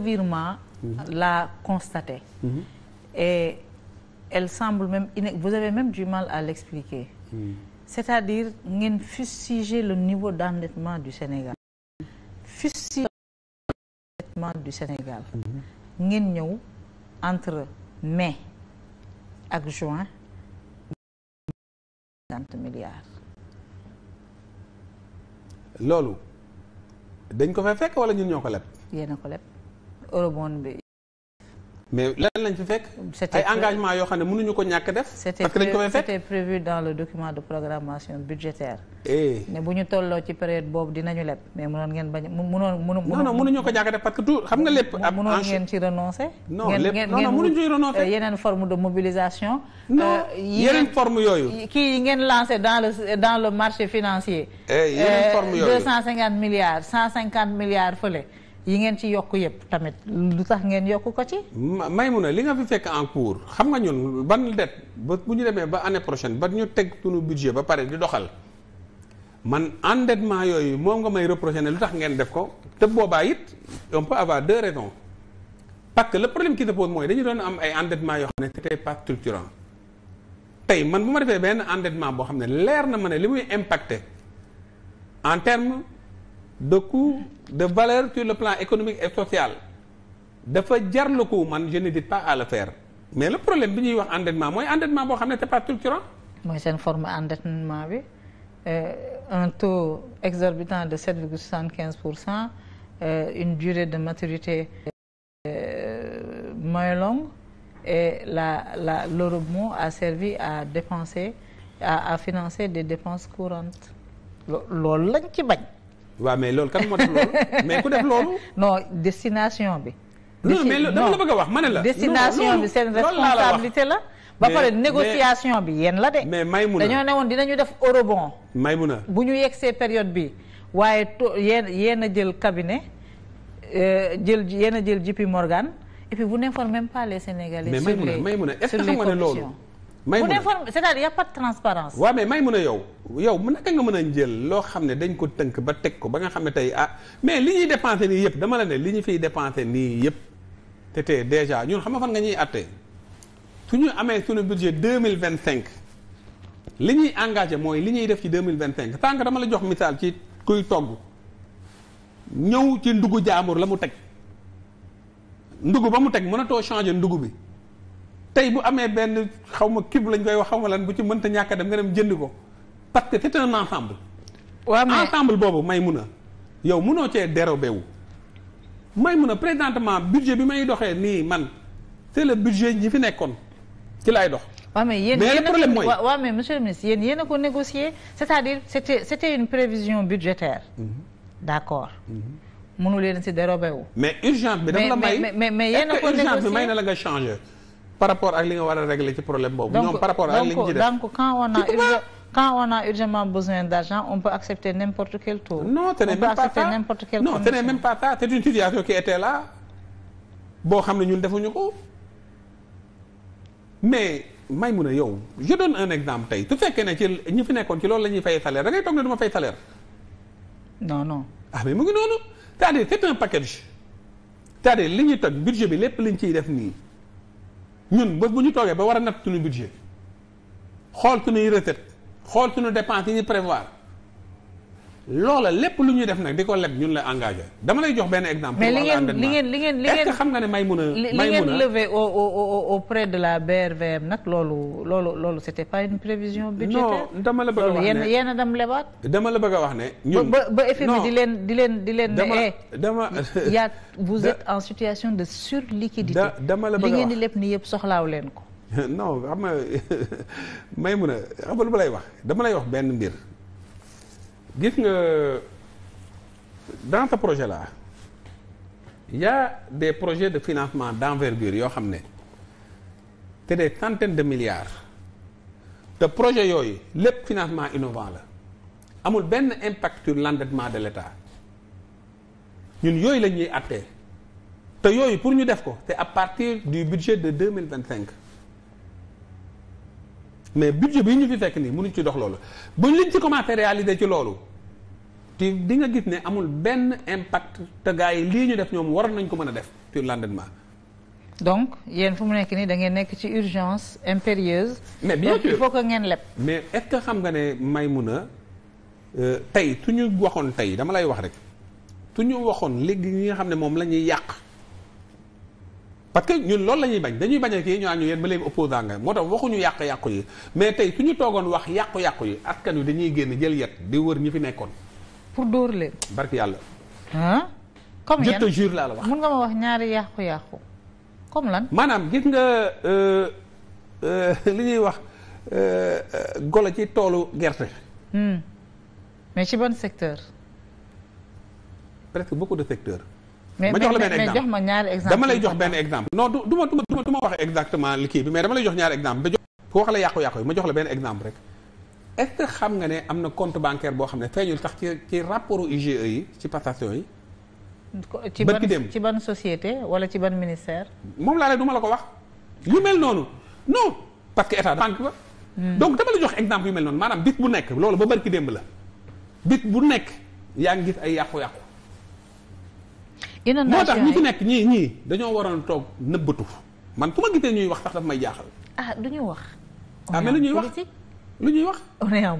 virement mhm. l'a constaté. Mhm. et elle semble même iné vous avez même du mal à l'expliquer. Mhm. cest à ngeen fustiger le niveau d'endettement du Sénégal. fustiger du Sénégal. ngeen ñëw entre mai ak juin. cinquante loolu dañ ko fay fekk wala ñun ñoo ko eurobond bi. mais lan lañ fi fekk. ay engagement yoo xam ne mënuñu ko ñàkk def. parce que dañ ko fay fekk c'était prévu dans le document de programmation budgétaire. Eh. ne bu ñu tolloo ci période boobu dinañu leb mais mënoon ngeen bañ mënoon mënu. non non mënuñu ko ñàkk def parce que tout xam nga lépp. ab mënoon ngeen ci renoncer. non lépp non non mënuñu ci renoncer euh, yeneen forme de mobilisation. non euh, yeneen forme yooyu. kii yi ngeen lancé dans le dans le marché financier. Eh, yeneen forme euh, yooyu 250 milliards 150 milliards yi ngeen ci yokk yëpp tamit lu tax ngeen yokk ko ci. Maymuna li nga fi fekk en cours xam nga ñun ban det ba bu ñu demee ba année prochaine ba ñu teg sunu budget ba pare di doxal man endettement yooyu moom nga may reproché ne lu tax ngeen def ko te boobaa it on peut avoir deux raisons parce que le problème qui se pose mooy dañu doon am ay endettement yoo xam ne c'était pas structurant tey man bu ma defee benn endettement boo xam ne leer na ma ne li muy impacté en terme de coût de valeur sur le plan économique et social dafa jar le ko man je n'hésite pas à le faire mais le problème bi ñuy wax endettement mooy endettement boo xam ne c'est structurant. mooy seen forme endettement bi euh, un taux exorbitant de sept virgule soixante quinze pour cent euh, une durée de maturité euh, moins longue et la la l'eurobond a servi à dépenser à à financer des dépenses courantes. loolu lañ ci bañ. waaw mais loolu kan moo def loolu mais ku def loolu. non destination bi. non mais dama la bëgg a wax ma ne la. destination bi seen responsabilité la. ba pare négociation bi yéen la de. mais may Maymuna dañoo ne woon dinañu def may eurobond. Maymuna bu ñu yegsee période bi waaye to yéen yéen a jël cabinet euh, jël yéen a jël JP Morgan et puis bu n'informez même pas les Sénégalais. sur les sur les conditions mais Maymuna Maymuna est-ce ne loolu. may mun a c'est-à-dire y a pas de transparence. waaw mais may mun a yow yow nga mën a jël loo xam ne dañ ko tënk ba teg ko ba nga xam ne tey ah mais li ñuy dépensé nii yëpp dama la ne li ñu fiy dépensé nii yëpp te tey déjà ñun xam nga fan nga ñuy àtte su ñu amee suñu budget deux mille vingt cinq li ñuy engagé mooy li ñuy def ci deux mille vingt cinq sànq dama la jox misaal ci kuy togg ñëw ci ndugu jaamur la mu teg ndugu ba mu teg mënatoo changer ndugu bi. tey bu amee benn xaw ma kib lañ koy wax xaw ma lan bu ci mënta ñàkk a dem nga dem jënd ko parce que c'est un ensemble. ensemble boobu may mun a yow munoo cee dérobé wu. may mun a présentement budget bi may doxee nii man c'est le budget ñi fi nekkoon ci laay dox. waaw mais yéen yéen a ko waaw mais monsieur le ministre ko négocié c'est-à-dire c'était c'était une prévision budgétaire. Mm-hmm. d'accord. Mm-hmm. mënu leen si dérobé wu. mais urgence bi dafa la mais mais mais yéen ko négocié bi may na la nga changer. par ak li nga war a régler ci problème boobu. ñoom par ak li ñu ci def donc on a urgent quand on a urgemment besoin d'argent on peut accepter n'importe quel taux. non ce n'est même pas ça non ce n'est même pas ça c'est une boo xam ne ñun defuñu ko mais Maïmouna yow je donne un exemple tey su fekkee ne ci ñi fi nekkoon ci loolu la ñuy fay salaire da ngay toog ne du ma fay salaire. Ah, mu ngi noonu c'est-à-dire li ñuy toj budget bi lépp liñ ciy def nii. ñun bés bu ñu toogee ba war a natt suñu budget xool suñuy recette xool suñu dépense yi ñu prévoir loola lépp lu ñuy def nag di ko leb ñun la engagé dama lay jox benn exemple. mais li ngeen li ngeen li ngeen li ngeen est-ce que xam nga ne may mun a. may mun a li ngeen levé au au auprès de la BRVM nag loolu loolu loolu c'était pas une prévision budgétaire. non dama la bëgg a wax ne loolu yéen a dem lebaat. dama la bëgg a wax ne. ñun ba ba FMI di leen di leen di leen. dama eh, dama ne yaa vous êtes en situation de surliquidité. dama la bëgg a wax li ngeen di leb ni yëpp soxlaaw leen ko. non xam nga may mun a xam nga lu ma lay wax dama lay wax benn mbir. gis nga dans ce projet là y a des projets de financement d'envergure yoo xam ne te des centaines de milliards te projet yooyu lépp financement innovant la amul benn impact sur l'endettement de l'État ñun yooyu la ñuy attee te yooyu pour ñu def ko c'est à partir du budget de deux mille vingt cinq mais budget bi ñu fi fekk nii mënuñ ci dox loolu buñ liñ ci commencé réaliser ci loolu te di nga gis ne amul benn impact te gars yi lii ñu def ñoom waroon nañ ko mën a def sur l'endettement donc yéen fu mu nekk nii da ngeen nekk ci urgence impérieuse. mais bien sûr il que ngeen leb. mais est-ce que xam nga ne Maïmouna euh, tey su ñu waxoon tey dama lay wax rek su ñu waxoon léegi ñi nga xam ne moom la ñuy yàq. parce que ñun loolu la bañ dañuy bañ a kii ñoo ñu yéen ba léegi opposant nga moo tax waxuñu yàq yàqu yi mais tey su ñu toogoon wax yàqu-yàqu yi askan wi dañuy génn jël yet di wër ñi fi nekkoon. pour dóor leen. barki yàlla. ah. comme yan je te jure wax. mun nga ma wax ñaari yàqu-yàqu. comme lan. maanaam gis nga euh, euh, li ñuy wax euh, golo ci toolu gerte. Hmm. mais ci ban secteur. presque beaucoup de secteurs. ma jox la benn exemple mais jox ma ñaari exemple dama lay jox benn exemple. non du du ma du ma du ma wax exactement li kii bi mais dama lay jox ñaari exemple ba jox ko wax la yàqu-yàqu yi ma jox la benn exemple rek. est-ce que xam nga ne am na compte bancaire boo xam ne feeñul sax ci ci rapport IGE yi ci passation yi. ci ban ci ban société wala ci ban ministère. moom laa ne du ma la ko wax. yu mel noonu non parce que état banque ba. Hmm. donc dama la jox exemple yu mel noonu maanaam bis bu nekk loolu ba bari ki démb la bis bu nekk yaa ngi gis ay yàqu-yàqu. moo tax ñi fi nekk ñii ñii dañoo waroon toog nëbbatu man ku ma gisee ñuy wax sax daf may jaaxal. ah du ñu wax. on est en lu ñuy wax lu ñuy wax.